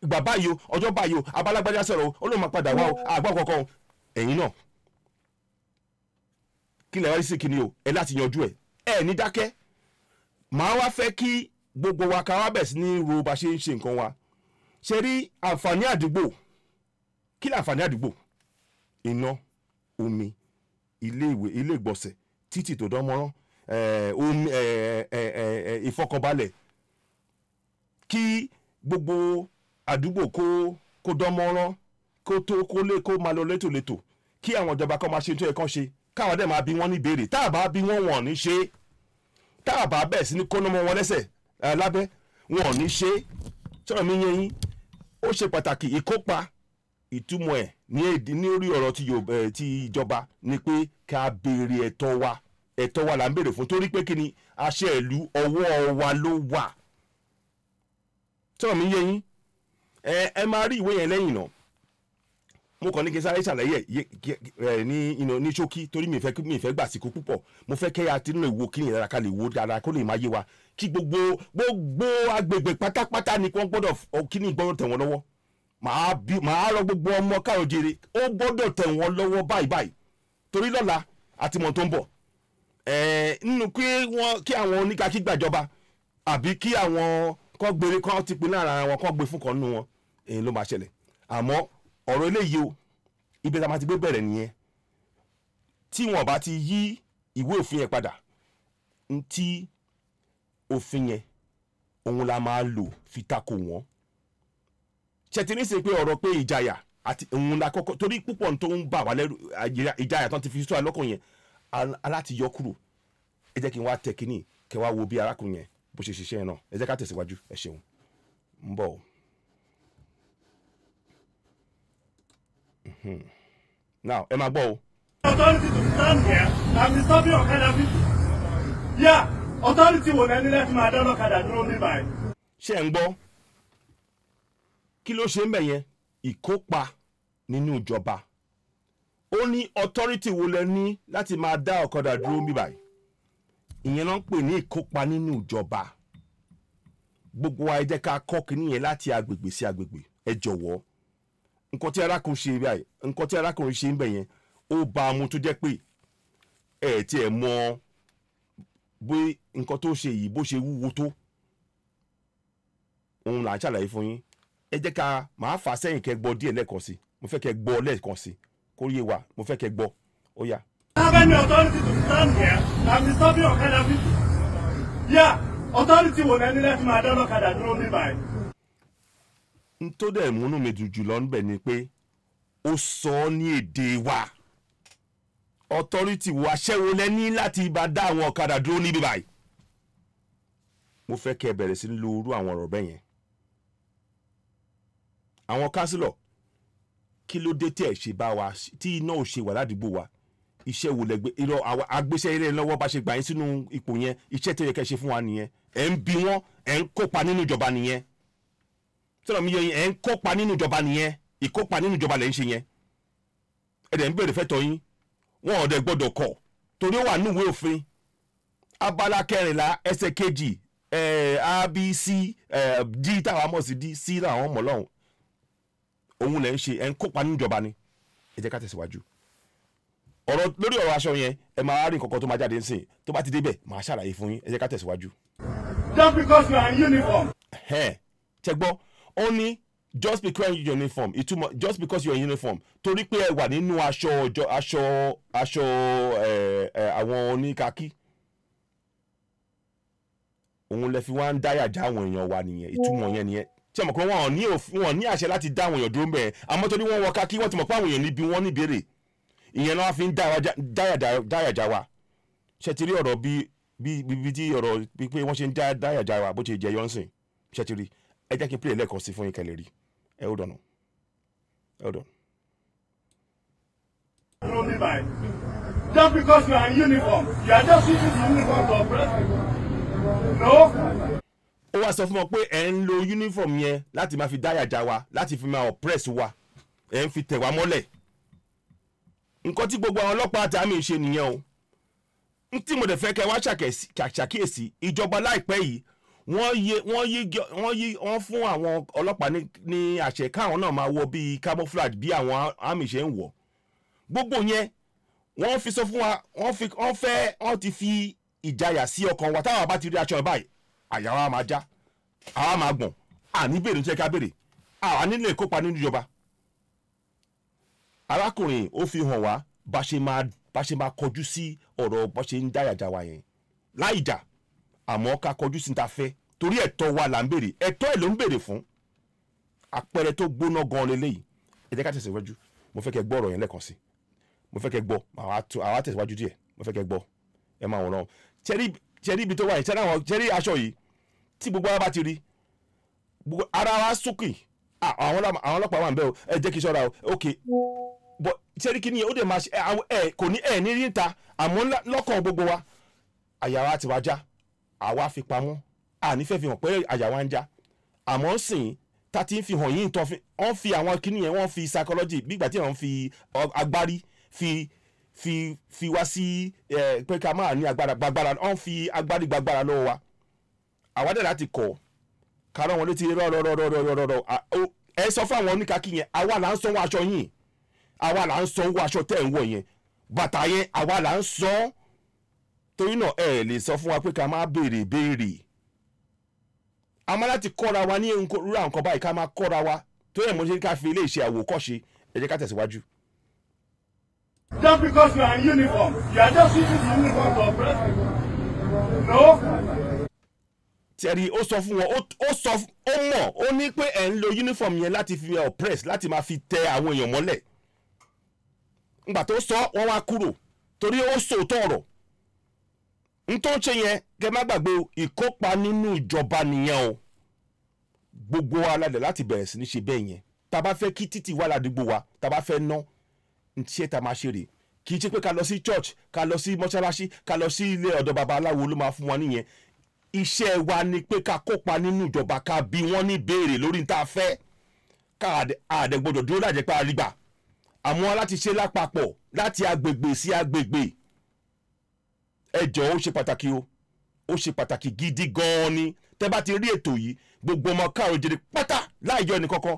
gbà báyìí o ọjọ́ báyìí o abalagbájá sọ̀rọ̀ o olóò máa padà wá o àgbà kọ̀ọ̀kan ẹ̀yin náà kí lè sí kíni ẹ láti yanjú ẹ ẹ ní dákẹ́ màá wá fẹ́ kí gbogbo wa ká wá bẹ̀ sí ní ro bá ṣe ń ṣe nǹkan wa ṣe rí àǹfààní àdúgbò kí ni àǹfààní àdúgbò iná omi ilé ìwé ilé ìgbọ̀nsẹ̀ títì tó dán mọ́rán eh, eh, eh, ìfọkànbalẹ̀ kí gbogbo àdúgbò kó kó dán mọ́rán kó tó kó lé kó máa lọ létòlétò kí àwọn ìjọba kan máa ṣe tó yẹ kán ṣe káwọn dẹ̀ máa bí wọ́n ní ìbéèrè tá a bá bí wọ́n wọ̀n ní ṣe é tá a bá bẹ̀rẹ̀ sí ní kọ́nà mọ́ wọn lẹ́sẹ̀ lábẹ́ wọn ò ní ṣe sọ̀rọ̀ mi yẹn yín ó ṣe pàtàkì ìkópa ìtumọ̀ ẹ̀ ní èdè ní orí ọ̀rọ̀ ti ìjọba ni pé ká béèrè ẹ̀tọ́ wa ẹ̀tọ́ wa là ń béèrè fún torí pé kí ni àṣẹ ìlú ọwọ́ wa ló wà sọ̀rọ̀ mi yẹn yín ẹ máa rí ìwé yẹn lẹ́yìn náà mo kàn ní kí n sáré ṣàlàyé ẹ ní ní ṣókí torí mi ìfẹ́ gbà síkú púpọ̀ mo fẹ́ kẹ́ ya tinú ìwo kí ni ìdára ká lè wo dára kó lè máa yé wa kí gbogbo gbogbo agbègbè pátápátá ni wọ́n gbọ́dọ̀ kí ni gbọ́dọ̀ tẹ̀ wọ́n lọ́wọ́ màá bí màá rọ gbogbo ọmọ káyọ̀ jèrè ó gbọ́dọ̀ tẹ̀ wọ́n lọ́wọ́ báyìí báyìí torí lọ́la àti mọ̀ tó ń bọ̀ ẹ̀ẹ́ nínú kí wọ́n kí àwọn oníkakí gbàjọba àbí kí àwọn kọ́ gbére kọ́ ti pin lára wọn kọ́ gbé fún kan ọ̀rọ̀ eléyìí o ibi tá a máa ti gbé bẹ̀rẹ̀ nìyẹn tí wọn bá ti yí ìwé òfin yẹn padà ntí òfin yẹn òun la máa lò fi takò wọn ṣètìlí sì pé ọ̀rọ̀ pé ìjayà àti òun la kọ́kọ́ torí púpọ̀ tó ń bà wá lẹ́rù ìjayà tán ti fi sọ àlọ́kàn yẹn aláti yọ kúrò ẹ jẹ́ kí n wá tẹ̀ kínní wo bí arákùnrin yẹn bó ṣe ṣiṣẹ́ yẹn náà ẹ jẹ́ ká tẹ̀síwájú ẹ ṣeun ń bọ̀ o. now ẹ máa gbọ́ o. authority to stand here and be stopping ọ̀kadà people yeah authority wo lẹni lẹ́tí máa dáná ọ̀kadà dúró ní báyìí. ṣé ẹ ń gbọ́ kí ló ṣe ń bẹ̀ yẹn ìkópa nínú ìjọba ó ní authority wo lẹ ní láti máa dá ọ̀kadà dúró ní báyìí ìyẹn náà ń pè ní ìkópa nínú ìjọba gbogbo wa ká kọ́ kínní yẹn láti agbègbè sí agbègbè ẹ jọ̀wọ́ nǹkan tí arákùnrin ṣe báyìí nǹkan tí arákùnrin ṣe ń bẹ̀ yẹn ó ba mu tó jẹ́ pé ẹ̀ tí ẹ̀ mọ bí nǹkan tó ṣe yìí bó ṣe wúwo tó òun là ń ṣàlàyé fún yín ẹ jẹ́ ká máa fà sẹ́yìn kẹ́ gbọ́ díẹ̀ lẹ́ẹ̀kan sí mo fẹ́ kẹ́ gbọ́ lẹ́ẹ̀kan sí kó yé wa mo fẹ́ kẹ́ gbọ́ ó yá. I have any authority to stand here and disturbing Okada people. Yeah, authority wo lẹni lẹ́fún máa my lọ́kadà dúró mi báyìí tó dẹ̀ múnú mi dùn jùlọ níbẹ̀ ni pé ó sọ ọ́ ní èdè wa authority wo aṣẹ́wó lẹ ní láti ibà dá àwọn ọ̀kadà dúró níbí báyìí mo fẹ́ kẹ́ ẹ bẹ̀rẹ̀ sí ní lo irú àwọn ọ̀rọ̀ bẹ́ẹ̀ yẹn àwọn kánsílọ̀ kí ló dé tí ẹ̀ ṣe bá wa tí iná ò ṣe wà ládùúgbò wa iṣẹ́ wo lẹ́gbẹ́ irọ́ agbéṣẹ́ ilé lọ́wọ́ bá ṣe gbà yín sínú ipò yẹn iṣẹ́ tó yẹ kẹ́ ṣe fún wa nìyẹn ẹ̀ ń bi wọ́n ẹ̀ ń kópa nínú ìjọba nìyẹn tọ́nà mi yẹ yín ń kópa nínú ìjọba nìyẹn ìkópa nínú ìjọba lẹ̀ ń ṣe yẹn ẹ̀ dẹ̀ ń béèrè fẹ́tọ̀ yín wọn ò dẹ̀ gbọ́dọ̀ kọ̀ torí ó wà níwèé òfin abala kẹrìnlá ẹsẹ̀ kejì abc d táwa mọ̀ sí d c làwọn mọ̀ lọ́hùn òun lẹ̀ ń ṣe ẹ̀ ń kópa nínú ìjọba ni ẹ jẹ́ ká tẹ̀síwájú ọ̀rọ̀ lórí ọ̀rọ̀ aṣọ yẹn ẹ máa rí nǹkan tó máa jáde nísìnyí tó bá ti débẹ̀ máa ṣàlàyé fún yín ẹ jẹ́ ká tẹ̀síwájú. just because you are in uniform. ẹ tẹ gbọ́ Only just because you're in uniform too much. just because you're in uniform torí pé ẹ wà nínú aṣọ ọjọ́ aṣọ aṣọ ẹ ẹ àwọn oníkakí òun lè fi wá ń dáyà já àwọn èèyàn wa nìyẹn ìtumọ̀ yẹn nìyẹn tí àmọ̀ pé wọn ò ní òfin wọn ò ní àṣẹ láti dá àwọn èèyàn dúró mẹ́ẹ̀ àmọ́ torí wọn wọ kakí wọn ti mọ̀ pé àwọn èèyàn níbi wọn níbèrè ìyẹn náà fi ń dáyà já wa ṣe ti rí ọ̀rọ̀ bí bí bí tí ọ̀rọ̀ pé wọ́n ṣe ń dáyà já wa bó ṣe jẹ́ yọ̀ǹsìn ṣe ti rí i ẹ jẹ́ kí n play lẹ́ẹ̀kan sí fún yín kẹlẹ́ rí ẹ hold on hold on. Just because you are in uniform, you are just using the uniform to oppress people. No ó wá sọ fún wọn pé ẹ ń lo uniform yẹn láti máa fi dáyàjà wa láti fi máa oppress wa ẹ ń fi tẹ̀ wá mọ́lẹ̀ nǹkan tí gbogbo àwọn ọlọ́pàá tàmí ń ṣe nìyẹn o n mo dẹ̀ fẹ́ kẹ́ wá ṣàkíyèsí ìjọba láìpẹ́ yìí wọ́n yé wọ́n yí wọ́n yí wọ́n fún àwọn ọlọ́pàá ní àṣẹ káwọn náà máa wọ bíi camouflage bí àwọn army ṣe ń wọ̀ gbogbo yẹn wọ́n fi sọ fún wa wọ́n fi wọ́n fẹ́ wọ́n ti fi ìjayà sí ọkàn wa táwọn bá ti rí aṣọ ẹ̀ báyìí àyà wa máa já àwa máa gbọ̀n àní béèrè níṣẹ́ ká béèrè àwa nílé kópa nínú ìjọba arákùnrin ó fi hàn wá bá ṣe máa bá ṣe máa kọjú sí ọ̀rọ̀ bó ṣe ń dáyàjà wa yẹn láì jà àmọ́ ká kọjú sí ta fẹ́ torí ẹ̀tọ́ wa là ń béèrè ẹ̀tọ́ ẹ̀ ló ń béèrè fún àpẹẹrẹ tó gbóná gan leléyìí ẹ jẹ́ ká tẹ̀síwájú mo fẹ́ kẹ́ gbọ́ ọ̀rọ̀ yẹn lẹ́ẹ̀kan sí mo fẹ́ kẹ́ gbọ́ àwa tẹ̀síwájú díẹ̀ mo fẹ́ kẹ́ gbọ́ ẹ máa wọ̀n náà tẹ́rí ibi tó wà yìí tẹ́rí àwọn tẹ́rí aṣọ yìí tí gbogbo ara bá ti rí ara wa sókè àwọn ọlọ́pàá wà ń bẹ̀ o ẹ jẹ́ kí sọ́ra o ok bọ̀ tẹ́rí kí ni ó dẹ̀ máa ṣe kò ní ẹ̀ ní rí àmọ́ lọ́kàn gbogbo wa àyàrá ti wá já àwa fi pamọ́ àní fẹ́ fi hàn pé àyà wa ń já àmọ́ sìn tá ti ń fi hàn yín tán wọ́n fi àwọn kíní yẹn wọ́n fi psychology bí ìgbà tí wọ́n fi agbárí fi fi fi wá sí pé ká máa ní agbára gbagbára wọ́n fi agbárí gbagbára lọ́wọ́ wa àwa dẹ̀ láti kọ̀ kárọ̀ wọn létí rọ̀rọ̀rọ̀rọ̀rọ̀rọ̀ ẹ sọ fún àwọn oníkàkí yẹn àwa là ń sanwó aṣọ yín àwa là ń sanwó aṣọ tẹ̀ ń wọ̀ yẹn bàtà yẹn àwa là ń san torí náà ẹ lè sọ fún wa pé ká má béèrè béèrè àmọ́ láti kọ́ra wa ní rúra nǹkan báyìí ká má kọ́ra wa tó yẹ mo ṣe ká fi ilé àwòkọ́ṣe ẹ jẹ́ ká tẹ̀síwájú. just because you are in uniform you are just using the uniform to oppress no. tẹ̀rí ó sọ fún wọn ó sọ ó mọ̀ ó ní pé ẹ̀ ń lo uniform yẹn láti fi oppress láti máa fi tẹ àwọn èèyàn mọ́lẹ̀ ngbà tó sọ wọn wá kúrò torí ó sòótọ́ ọ̀rọ̀ n tó ń ṣe yẹn kẹ má gbàgbé ìkópa nínú ìjọba nìyẹn o gbogbo wa ládẹ láti bẹ̀rẹ̀ sí ní ṣe bẹ́ẹ̀ yẹn tá a bá fẹ́ kí títì wà ládùúgbò wa tá a bá fẹ́ ná ṣé tá máa ṣe rè kì í ṣe pé ká lọ sí church ká lọ sí mọ́ṣáláṣí ká lọ sí ilé ọ̀dọ̀ babaláwo ló máa fún wa nìyẹn iṣẹ́ wa ni pé ká kópa nínú ìjọba ká bí wọ́n ní béèrè lórí tá a fẹ́ ká àdẹ̀gbọ́dọ̀ dúró lájẹpẹ́ àrígbà àmọ́ láti ṣe lápapọ̀ láti agbègbè ẹ jọ̀ọ́ ó ṣe pàtàkì o ó ṣe pàtàkì gidi gan-an ni tẹ́ bá ti rí ètò yìí gbogbo ọmọ káàró jèrè pátá láìyọ ẹnì kankan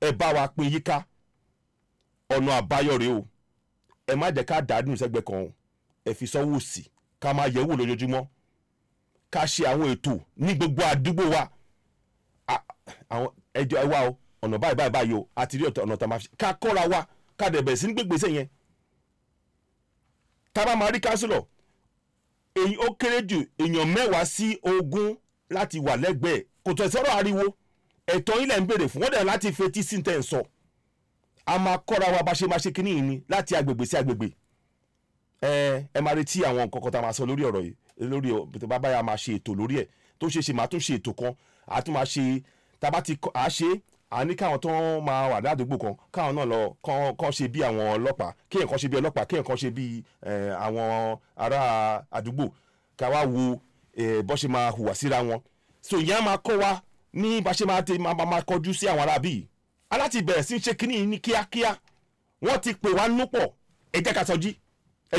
ẹ bá wa pín yíká ọ̀nà àbáyọ rèé o ẹ má jẹ́ ká dàádùn sẹ́gbẹ̀ẹ́ kan o ẹ fi sọ́wọ́ sí ká máa yẹ̀wò lójoojúmọ́ ká ṣe àwọn ètò ní gbogbo àdúgbò wa àwọn ẹjọ́ ẹ wá o ọ̀nà báyìí báyìí báyìí o àti rí ọ̀nà tá a máa fi ká kọ́ra wa ká dẹ̀ bẹ̀rẹ̀ sí ní gbègbèsè yẹn tá bá máa rí káńsílọ̀ èyí ó kéré jù èèyàn mẹ́wàá sí ogún láti wà lẹ́gbẹ̀ẹ́ kò tẹ̀ sọ́rọ̀ ariwo ẹ̀tọ́ ilẹ̀ ń béèrè fún wọ́n dẹ̀ láti fetí sí tẹ̀ ń sọ a máa kọ́ra wa bá ṣe máa ṣe kínní yìí ni láti agbègbè sí agbègbè ẹ ẹ máa retí àwọn nǹkan kan tá a máa sọ lórí ọ̀rọ̀ yìí lórí bàbá yà máa ṣe ètò lórí ẹ̀ tó ṣe ṣe máa tún ṣe ètò kan àtún máa ṣe tá a bá ti a ṣe a ní káwọn tó ń máa wà ládùúgbò kan káwọn náà lọ kàn ṣe bí àwọn ọlọ́pàá kéèyàn kan ṣe bí ọlọ́pàá kéèyàn kan ṣe bí àwọn ará àdúgbò ká wá wo bó ṣe máa hùwà síra wọn so ìyẹn á máa kọ́ wa ní bá ṣe máa máa máa kọjú sí àwọn aráàbí yìí aláti bẹ̀rẹ̀ sí ṣe kínní ní kíákíá wọ́n ti pè wá núpọ̀ ẹ jẹ́ ká sọjí ẹ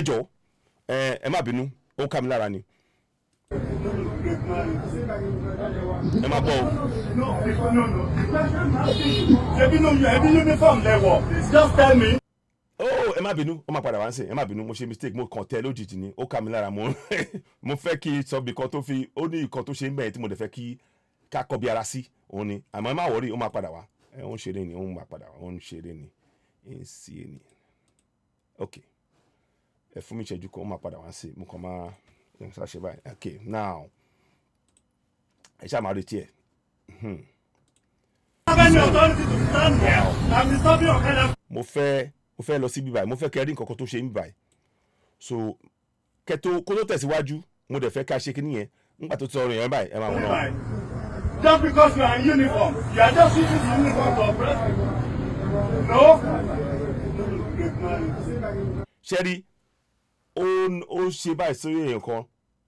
ẹ má bínú ó ń ká lára ni ẹ má bọ̀ o. ẹbí ló yọ ẹbí uniform lẹ́wọ̀ just tell me. oh ẹ má bínú ó máa padà wá ń sìn ẹ má bínú mo ṣe mistake mo kàn tẹ lójijì ni ó ká mi lára mo mo fẹ́ kí sọ́bì kan tó fi ó ní nǹkan tó ṣe ń bẹ̀yẹn tí mo dẹ̀ fẹ́ kí ká kọ́ bí ara sí òun ni àmọ́ ẹ má wọrí ó máa padà wá ẹ ń ṣeré ni ó máa padà wá ó ń ṣeré ni ẹ ń sí ẹ ni ok ẹ fún mi ìṣẹ́jú kan ó máa padà wá sí i mo kàn máa ṣàṣẹ báyìí ok now ẹ ṣáà máa retí ẹ. Hmm. mo fẹ́ mo fẹ́ lọ sí bíbáyìí mo fẹ́ kẹ́ rí tó ṣe ń bíbáyìí so kẹtó kó tó tẹ̀síwájú mo dẹ̀ fẹ́ ká ṣe kí nìyẹn nígbà tó ti sọ̀rọ̀ yẹn báyìí ẹ máa wọ̀n just because you are in uniform you are just using the uniform for breast no. ṣe rí ó ń ṣe báyìí sórí èèyàn kan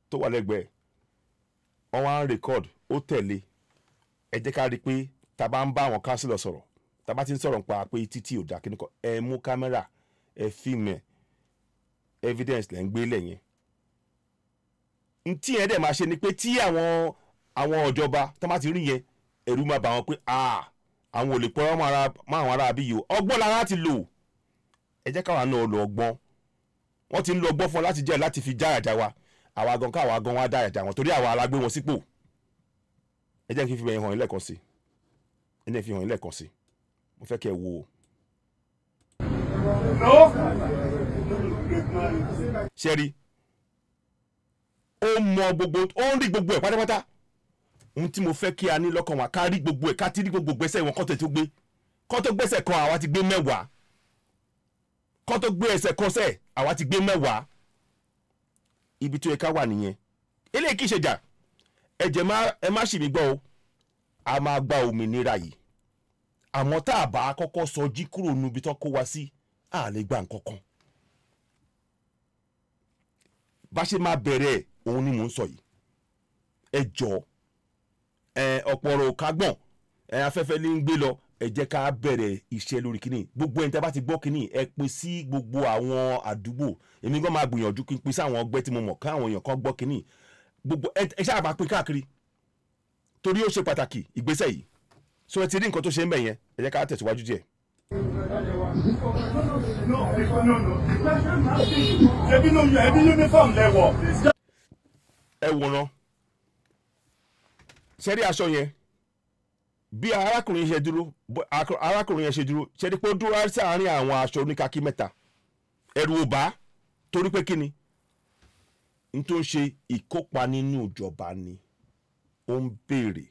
tó wà lẹ́gbẹ̀ẹ́ wọ́n wá ń rẹ́kọ̀dù ó tẹ̀lé ẹ jẹ́ ká rí i pé tá a bá ń bá àwọn kánsílọ̀ sọ̀rọ̀ tá a bá ti ń sọ̀rọ̀ nípa pé títí ò dá kíní kan ẹ ẹ fíìmù ẹ evidence lẹ́ ń gbé lẹ́yìn yẹn dẹ̀ máa ṣe ni pé tí àwọn àwọn bá ti rí yẹn ẹ̀rú máa pé àwọn ò lè pọ́ àwọn ará bí o ọgbọ́n lára ti lò ẹ jẹ́ káwa náà lọ ọgbọ́n wọ́n ti ń lo ọgbọ́n fún fi já àjà wa àwa gan káwa wa dá àjà wọn torí àwa ẹ jẹ́ kí n fi bẹ̀yẹn hàn yín lẹ́ẹ̀kan sí ẹ jẹ́ kí n fi hàn yín lẹ́ẹ̀kan sí mo fẹ́ kẹ́ ẹ wo o. ṣe rí ó mọ gbogbo ó ń rí gbogbo ẹ̀ pátápátá ohun tí mo fẹ́ kí a ní lọ́kàn wa ká rí gbogbo ẹ̀ ká ti rí gbogbo gbẹ́sẹ̀ wọn kọ́tẹ̀ tó gbé kọ́tọ̀ gbẹ́sẹ̀ kan àwa ti gbé mẹ́wàá kọ́tọ̀ gbé ẹsẹ̀ kan sẹ̀ àwa ti gbé mẹ́wàá ibi tó yẹ ká wà nìyẹn eléyìí kì í ṣe ẹ jẹ́ má ẹ má ṣì mí gbọ́ o a máa gba òmìnira yìí àmọ́ tá a bá kọ́kọ́ sọ jí kúrò níbi tó kó wa sí a lè gba nǹkan kan bá ṣe máa bẹ̀rẹ̀ òun ni mò ń sọ yìí ẹ jọ ẹ ọ̀pọ̀ ọ̀rọ̀ ẹ afẹ́fẹ́ ní ń gbé lọ ẹ jẹ́ ká bẹ̀rẹ̀ iṣẹ́ lórí kínní gbogbo ẹni tí a bá ti gbọ́ kínní ẹ pín sí gbogbo àwọn àdúgbò èmi gan máa gbìyànjú kí n pín sí àwọn ọgbẹ́ tí mo mọ̀ káwọn èèyàn kan gbọ́ kínní gbogbo ẹ ṣáà bá pín káàkiri torí ó ṣe pàtàkì ìgbésẹ̀ yìí so ẹ ti rí nǹkan tó ṣe ń bẹ̀ yẹn ẹ jẹ́ ká tẹ̀síwájú díẹ̀. ẹ wòran ṣẹ́rí aṣọ yẹn bí arákùnrin yẹn dúró arákùnrin yẹn ṣe dúró ṣẹ́rí pé ó dúró sáàárín àwọn aṣọ oníkakí mẹ́ta ẹ̀rù ò bá torí pé kí ni n tó ń ṣe ìkópa nínú ìjọba ni ó ń béèrè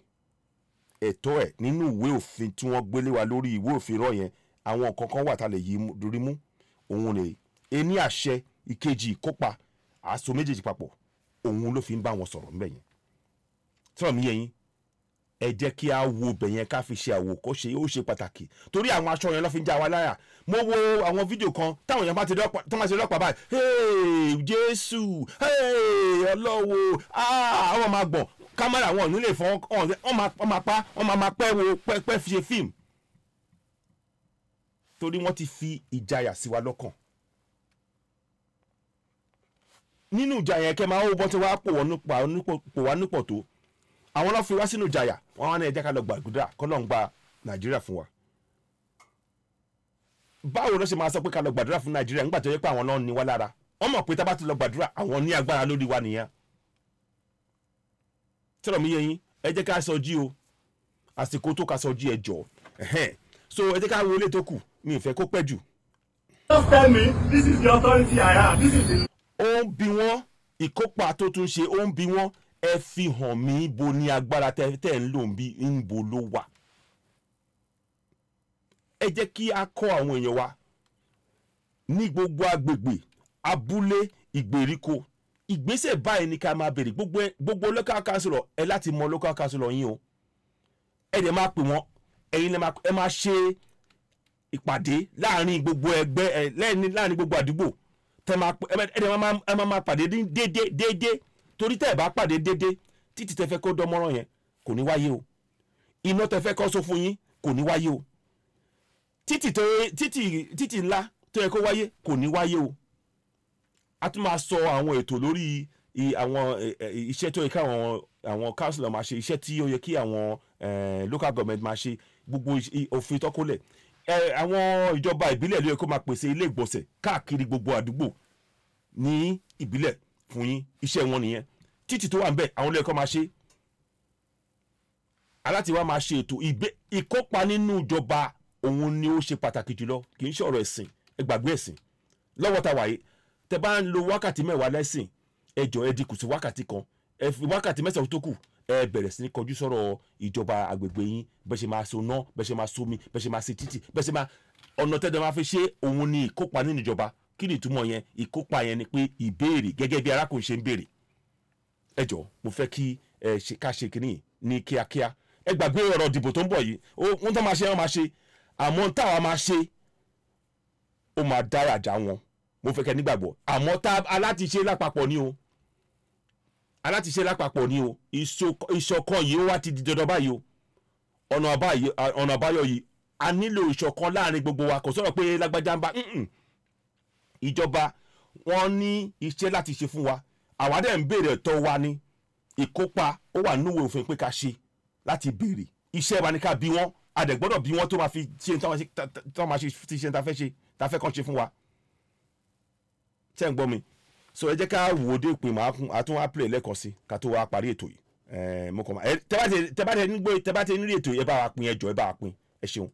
ẹ̀tọ́ ẹ̀ nínú ìwé òfin tí wọ́n gbélé wa lórí ìwé òfin rọ̀ yẹn àwọn kankan wà tá lè yí rí mú òun rèé ení àṣẹ ìkejì ìkópa àṣọ méjèèjì papọ̀ òun ló fi ń bá wọn sọ̀rọ̀ ńbẹ̀ yẹn tọ́ọ̀mù yẹn ẹ jẹ́ kí a wo ibẹ̀ ká fi ṣe àwòkọ́ṣe ó ṣe pàtàkì torí àwọn aṣọ yẹn ló fi ń já wa láyà mo wo àwọn fídíò kan táwọn èèyàn bá ti rọ́pà tó máa ṣe rọ́pà báyìí hey jésù hey ọlọ́wọ́ ah wọ́n máa gbọ̀n kámẹ́rà wọn ò ní lè fọ́ wọ́n máa pa wọ́n máa pẹ́ wo pẹ́ fi ṣe fíìmù torí wọ́n ti fi ìjayà sí wa lọ́kàn nínú ìjayà kẹ́ máa ó bọ́ tí wàá pò wá nípò tó àwọn lọ́ọ́ fi wá sínú ìjayà wọ́n wá ní ẹ̀jẹ̀ ká lọ gbàdúrà kọ́ lọ́n gba nàìjíríà fún wa báwo ló ṣe máa sọ pé ká lọ gbàdúrà fún nàìjíríà nígbà tó yẹ pé àwọn náà ní wá lára wọ́n mọ̀ pé tábà ti lọ gbàdúrà àwọn ní agbára lórí wa nìyẹn tẹ́lọ̀ mi yẹn yín ẹ jẹ́ ká sọ jí o àsìkò tó ká sọ jí ẹ jọ so ẹ jẹ́ ká wo tó kù mi ì fẹ́ kó pẹ́ jù. just tell me this is the authority I have this is the. ó ń bi wọ́n ìkópa tó tún ṣe ó ń bi wọ́n ẹ fi hàn mí bo ní agbára tẹ́ ẹ ń lò ń bí ń bo ló wà ẹ jẹ́ kí a kọ́ àwọn èèyàn wa ní gbogbo agbègbè abúlé ìgbèríko ìgbésẹ̀ báyìí ni ká máa bèrè gbogbo local councilor ẹ láti mọ local councilor yín o ẹ dẹ̀ máa pè wọ́n ẹ̀yin ẹ máa ṣe ìpàdé láàrin gbogbo ẹgbẹ́ ẹ lẹ́yìn láàrin gbogbo àdúgbò tẹ máa ẹ dẹ̀ máa máa pàdé déédéé déédéé torí tẹ́ ẹ bá pàdé déédéé títí tẹ fẹ́ kó dánmọ́rán yẹn kò ní wáyé o iná tẹ fẹ́ kó so fún yín kò ní wáyé o títì tó títì títì ńlá tó yẹ kó wáyé kò ní wáyé o a tún máa sọ àwọn ètò lórí àwọn iṣẹ́ tó yẹ kí àwọn àwọn council máa ṣe iṣẹ́ tí ó yẹ kí àwọn local government máa ṣe gbogbo òfin tọ́kọ́lẹ̀ àwọn ìjọba ìbílẹ̀ ló yẹ kó máa pèsè ilé ìgbọ̀nsẹ̀ káàkiri gbogbo àdúgbò ní ìbílẹ̀ fún yín iṣẹ́ wọn nìyẹn títì tó wà ń bẹ̀ àwọn lẹ́ẹ̀kọ́ máa ṣe aláti máa ṣe ètò ìkópa nínú ìjọba òun ni ó ṣe pàtàkì jùlọ kì í ṣe ọ̀rọ̀ ẹ̀sìn ẹ ẹ̀sìn lọ́wọ́ ta wàyí tẹ bá ń lo wákàtí mẹ́wàá lẹ́sìn ẹ jọ ẹ dínkù sí wákàtí kan ẹ fi wákàtí mẹ́sàn-án tó kù ẹ bẹ̀rẹ̀ sí ní kọjú sọ̀rọ̀ ìjọba àgbègbè yín bẹ́ẹ̀ ṣe máa so ná bẹ́ẹ̀ ṣe máa so mi bẹ́ẹ̀ ṣe máa ṣe títì bẹ́ẹ̀ ṣe máa ọ̀nà tẹ́tẹ́ máa fi ṣe òun ni ìkópa nínú ìjọba kí ni ìtumọ̀ yẹn ìkópa yẹn ni pé ìbéèrè gẹ́gẹ́ bí arákùnrin ṣe ń béèrè ẹ jọ mo fẹ́ kí ẹ ṣe ká ṣe kínní ní kíákíá ẹ gbàgbé ọ̀rọ̀ ìdìbò tó ń bọ̀ yìí ó ń tán máa ṣe ẹ máa ṣe àmọ́ táwa máa ṣe ó máa dára já wọn mo fẹ́ kẹ́ nígbàgbọ́ àmọ́ tá alátiṣe lápapọ̀ ni o alátiṣe lápapọ̀ ni o ìṣọ̀kan yìí ó wá ti di dandan báyìí o ọ̀nà àbáyọ yìí a nílò ìṣọ̀kan láàrin gbogbo wa kò sọ̀rọ̀ pé lágbájá ń bá ìjọba wọn ní iṣẹ́ láti ṣe fún wa àwa dẹ̀ ń béèrè ẹ̀tọ́ wa ni ìkópa ó wà núwèé òfin pé ká ṣe láti béèrè iṣẹ́ wa ni ká bí wọ́n a àdẹ̀gbọ́dọ̀ bí wọ́n tó máa fi ṣe tó máa ṣe ti ṣe ta fẹ́ ṣe ta fẹ́ kàn ṣe fún wa tẹ́ ń gbọ́ mi so ẹ jẹ́ ká wò ó dé ìpín màá kún àtún wá play lẹ́ẹ̀kan sí ká tó wá parí ètò yìí mo kàn máa tẹ́bátẹ́ ní gbé tẹ́bátẹ́ ní rí ètò yìí ẹ bá wa pín ẹjọ́ ẹ bá wa pín ẹ ṣeun.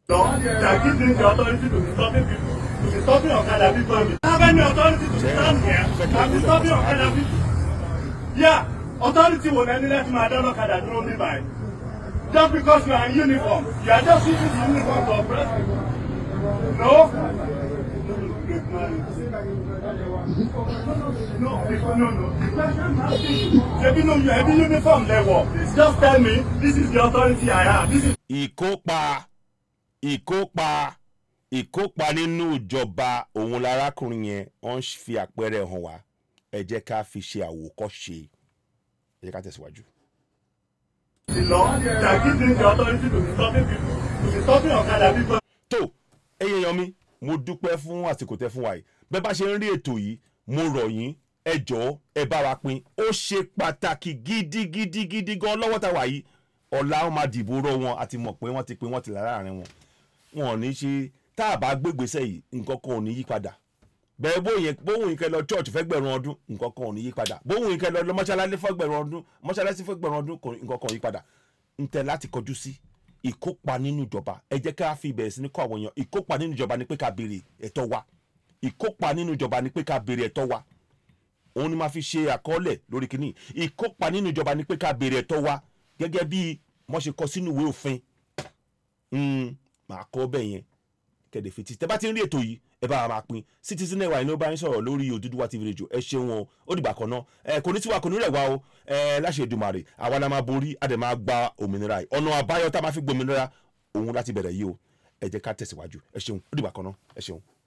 ọ̀tọ́rìtì wò lẹ́ni lẹ́tí máa dáná kadà dúró bíbáyìí just because you are in uniform. You are just using the uniform to oppress people. No? No, no, no, no. The question now Ṣebí no, you have uniform level. Just tell me, this is the authority I have. This is. Ìkópa ìkópa ìkópa nínú ìjọba òun lárákùnrin yẹn wọ́n fi àpẹẹrẹ hàn wá ẹ jẹ́ ká fi ṣe àwòkọ́ṣe ẹ jẹ́ ká tẹ̀síwájú tó ẹyẹ yan mi mo dúpẹ́ fún àsìkò tẹ fún wa yìí bẹ́ẹ̀ bá ṣe ń rí ètò yìí mo rọ̀ yín ẹ jọ̀ọ́ ẹ bá wa pín ó ṣe pàtàkì gidigidigidi gan lọ́wọ́ tá a wà yìí ọ̀la wọn máa dìbò rọ wọn àti mọ̀ pé wọ́n ti pín wọ́n ti là láàrin wọn wọn ò ní ṣe tá a bá gbégbèsè yìí nǹkan kan ò ní yí padà bẹ́ẹ̀ bóyìn bóhùn ìkẹ́ lọ church fẹ́gbẹ̀rún ọdún nǹkan kan ò ní yí padà bóhùn ìkẹ́ lọ mọ́ṣáláṣí fẹ́gbẹ̀rún ọdún ọdún nǹkan kan ò yí padà tẹ láti kọjú sí ìkópa nínú ìjọba ẹ jẹ́ ká wa ìkópa nínú ìjọba ni wa òun ni máa fi ṣe àkọọ́lẹ̀ lórí kẹ̀dẹ̀ fetí tẹ́ bá ti ń rí ètò yìí ẹ bá wa máa Citizen Network ni ó bá ń sọ̀rọ̀ lórí Odùduwà TV Radio ẹ ṣeun o ó dìgbà kan náà ẹ kò ní tiwa kò ní rẹ̀ wá o ẹ láṣẹ Èdùmàrè àwa la máa borí a dẹ̀ máa gba òmìnira yìí ọ̀nà àbáyọ tá a máa fi gbòmìnira òun láti bẹ̀rẹ̀ yìí o ẹ jẹ́ ká tẹ̀síwájú ẹ ṣeun ó dìgbà kan náà ẹ ṣeun.